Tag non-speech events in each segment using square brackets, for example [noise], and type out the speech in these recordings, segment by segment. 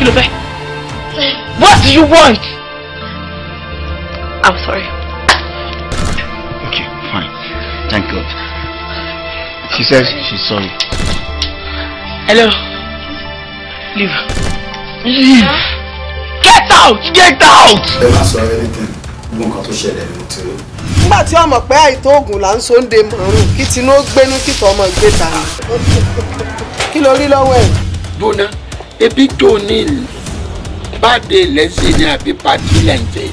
kí ló eh. What do you want? I'm sorry. Okay, fine. Thank God. She says she's sorry. Hello. Leave. Leave. Get out! Get out! Ẹ má anything. Nígbà tí ọmọ pé àìtó oògùn là ń sóńde mọ̀ọ́rùn kí tinú gbénú kìtọ̀ ọmọ ìgbé ta ni. [laughs] Kí lo rí lọ́wọ́ ẹ̀? Gbóná ebi tó ní báde lẹ́sẹ̀ ní àbí pàtí lẹ́ǹtẹ̀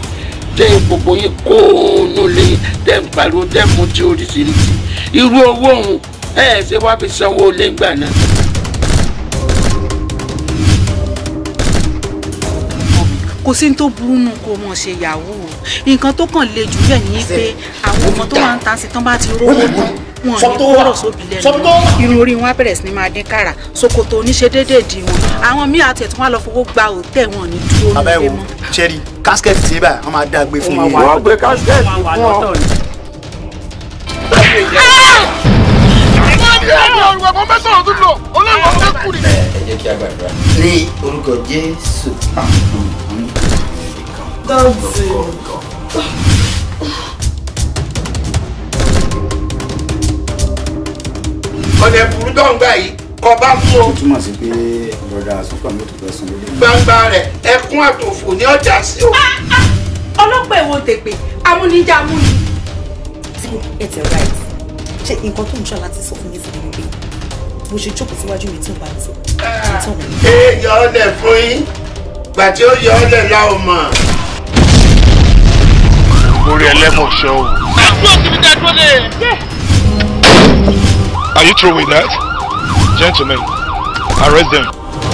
tẹ gbogbo yín kó ònú lé tẹ ń pariwo tẹ mú tí oríṣiríṣi irú owó òun ẹ ẹ ṣe wá fi sanwó lẹ́gbàá náà. kò sí ní tó burú nù kó mọ̀ ṣe yahoo nǹkan tó kàn le jù bẹ́ẹ̀ ni pé àwọn ọmọ tó máa ń ta sí tán bá ti rówó tán sọ tó wà sọ tó wà. irun orí wọn bẹ̀rẹ̀ sí ni máa dín kára ṣòkòtò oníṣedéédé di wọn àwọn míì àti ẹ̀tún wọn lọ fowó gba òtẹ́ wọn ní dúró ní ilé mọ́. kásikẹ́tì tí báyìí wọ́n máa dá gbé fún yín. wọ́n gbé kásikẹ́tì fún ọ. ní orúkọ Jésù. Ah, God. God. God. ọ̀nà ẹ̀bùrú tó ń gbà yìí kọ bá mú o. túmọ̀ sí pé bọ̀dà àsúnkàn mi ò tó fẹ́ lórí. gbangba rẹ̀ ẹkún àtòfò ní ọjà sí o. ọlọ́pàá èwo tèpè amúnijà amúni. tí ẹ tẹ ọ̀rá ẹ̀ ṣe nǹkan tó ń ṣọ́ láti sọ fún mi fún mi mo ṣe jókòó síwájú mi tí mo bá ń sọ. ṣé yọ ọ́ lẹ̀ fún yín gbà tí ó yọ ọ́ lẹ̀ láwọn mọ̀. orí ẹlẹ́mọ̀ṣọ́ o. ṣé àbúrò kìí dá dúró lé. Are you through with that? Gentlemen, arrest them.